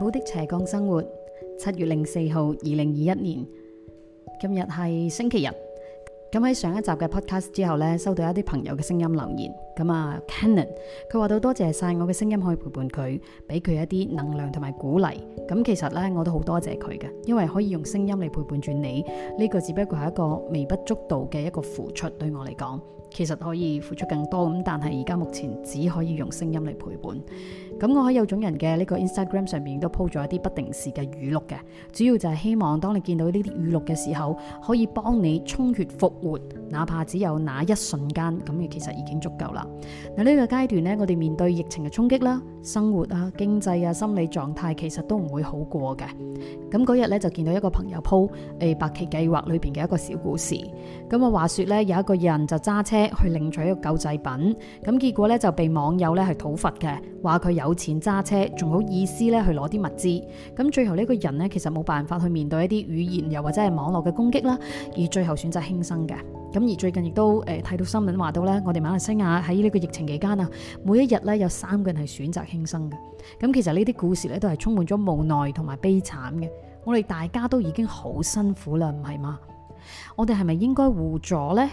好的斜槓生活，七月零四號，二零二一年，今日係星期日。咁喺上一集嘅 podcast 之後咧，收到一啲朋友嘅聲音留言。咁啊 Kennan，佢話到多謝晒我嘅聲音可以陪伴佢，俾佢一啲能量同埋鼓勵。咁其實咧，我都好多謝佢嘅，因為可以用聲音嚟陪伴住你。呢、這個只不過係一個微不足道嘅一個付出，對我嚟講。其實可以付出更多咁，但係而家目前只可以用聲音嚟陪伴。咁我喺有種人嘅呢個 Instagram 上面都鋪咗一啲不定時嘅語錄嘅，主要就係希望當你見到呢啲語錄嘅時候，可以幫你充血復活，哪怕只有那一瞬間，咁亦其實已經足夠啦。嗱呢個階段呢，我哋面對疫情嘅衝擊啦，生活啊、經濟啊、心理狀態其實都唔會好過嘅。咁嗰日呢，就見到一個朋友鋪誒、哎、白旗計劃裏邊嘅一個小故事。咁啊話說呢，有一個人就揸車，去領取一個救濟品，咁結果咧就被網友咧係討伐嘅，話佢有錢揸車，仲好意思咧去攞啲物資，咁最後呢個人呢，其實冇辦法去面對一啲語言又或者係網絡嘅攻擊啦，而最後選擇輕生嘅。咁而最近亦都誒睇到新聞話到咧，我哋馬來西亞喺呢個疫情期間啊，每一日咧有三個人係選擇輕生嘅。咁其實呢啲故事咧都係充滿咗無奈同埋悲慘嘅。我哋大家都已經好辛苦啦，唔係嘛？我哋係咪應該互助呢？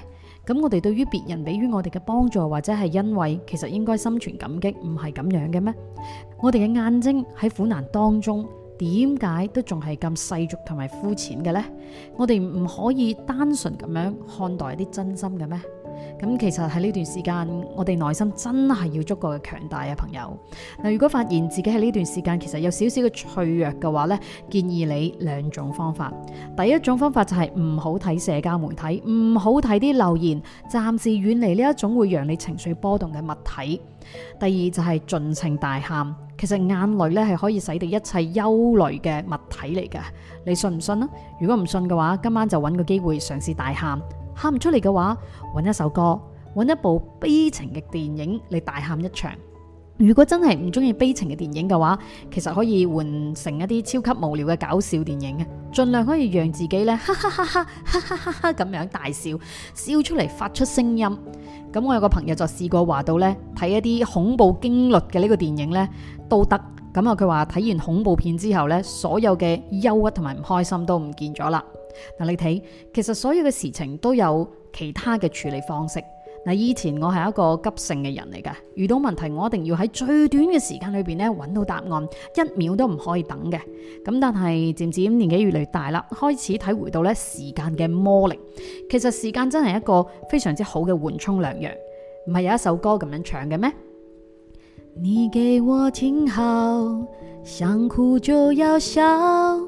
噉我哋對於別人給予我哋嘅幫助或者是因為其實應該心存感激，唔係咁樣嘅咩？我哋嘅眼睛喺苦難當中點解都仲係咁世俗同埋膚淺嘅咧？我哋唔可以單純咁樣看待一啲真心嘅咩？咁其實喺呢段時間，我哋內心真係要足夠嘅強大啊，朋友。如果發現自己喺呢段時間其實有少少嘅脆弱嘅話呢，建議你兩種方法。第一種方法就係唔好睇社交媒體，唔好睇啲留言，暫時遠離呢一種會讓你情緒波動嘅物體。第二就係盡情大喊，其實眼淚係可以洗滌一切憂慮嘅物體嚟㗎。你信唔信？如果唔信嘅話，今晚就搵個機會嘗試大喊。喊唔出嚟嘅話，揾一首歌，揾一部悲情嘅電影嚟大喊一場。如果真係唔中意悲情嘅電影嘅話，其實可以換成一啲超級無聊嘅搞笑電影嘅，盡量可以讓自己咧，哈哈哈哈，哈哈哈哈咁樣大笑，笑出嚟發出聲音。咁我有個朋友就試過話到咧，睇一啲恐怖驚栗嘅呢個電影咧，都得。咁啊，佢話睇完恐怖片之後咧，所有嘅憂鬱同埋唔開心都唔見咗啦。嗱，你睇，其實所有嘅事情都有其他嘅處理方式。嗱，以前我係一個急性嘅人嚟㗎，遇到問題我一定要喺最短嘅時間裏邊咧搵到答案，一秒都唔可以等嘅。咁但係漸漸年紀越嚟越大啦，開始體會到咧時間嘅魔力。其實時間真係一個非常之好嘅緩衝良藥。唔係有一首歌咁樣唱嘅咩？你給我聽好，想哭就要笑。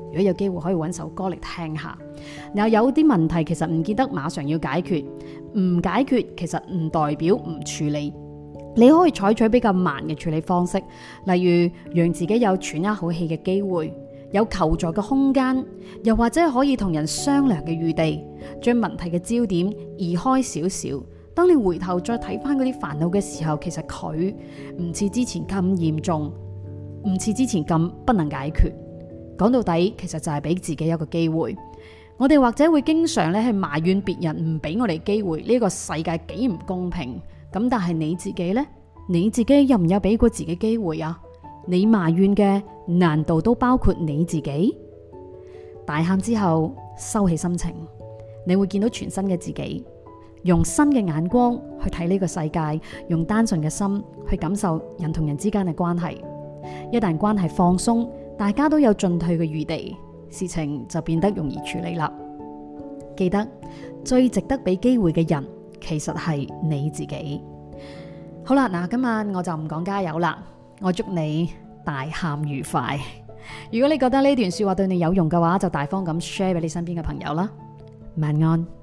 如果有機會可以揾首歌嚟聽下，然後有啲問題其實唔見得馬上要解決，唔解決其實唔代表唔處理，你可以採取比較慢嘅處理方式，例如讓自己有喘一口氣嘅機會，有求助嘅空間，又或者可以同人商量嘅餘地，將問題嘅焦點移開少少，當你回頭再睇翻嗰啲煩惱嘅時候，其實佢唔似之前咁嚴重，唔似之前咁不能解決。講到底，其實就係俾自己一個機會。我哋或者會經常去埋怨別人唔俾我哋機會，呢個世界幾唔公平。咁但係你自己呢？你自己有唔有俾過自己機會啊？你埋怨嘅，難道都包括你自己？大喊之後，收起心情，你會見到全新嘅自己，用新嘅眼光去睇呢個世界，用單純嘅心去感受人同人之間嘅關係。一旦關係放鬆。大家都有進退嘅餘地，事情就變得容易處理啦。記得最值得俾機會嘅人，其實係你自己。好啦，嗱，今晚我就唔講加油啦，我祝你大喊愉快。如果你覺得呢段說話對你有用嘅話，就大方咁 share 俾你身邊嘅朋友啦。晚安。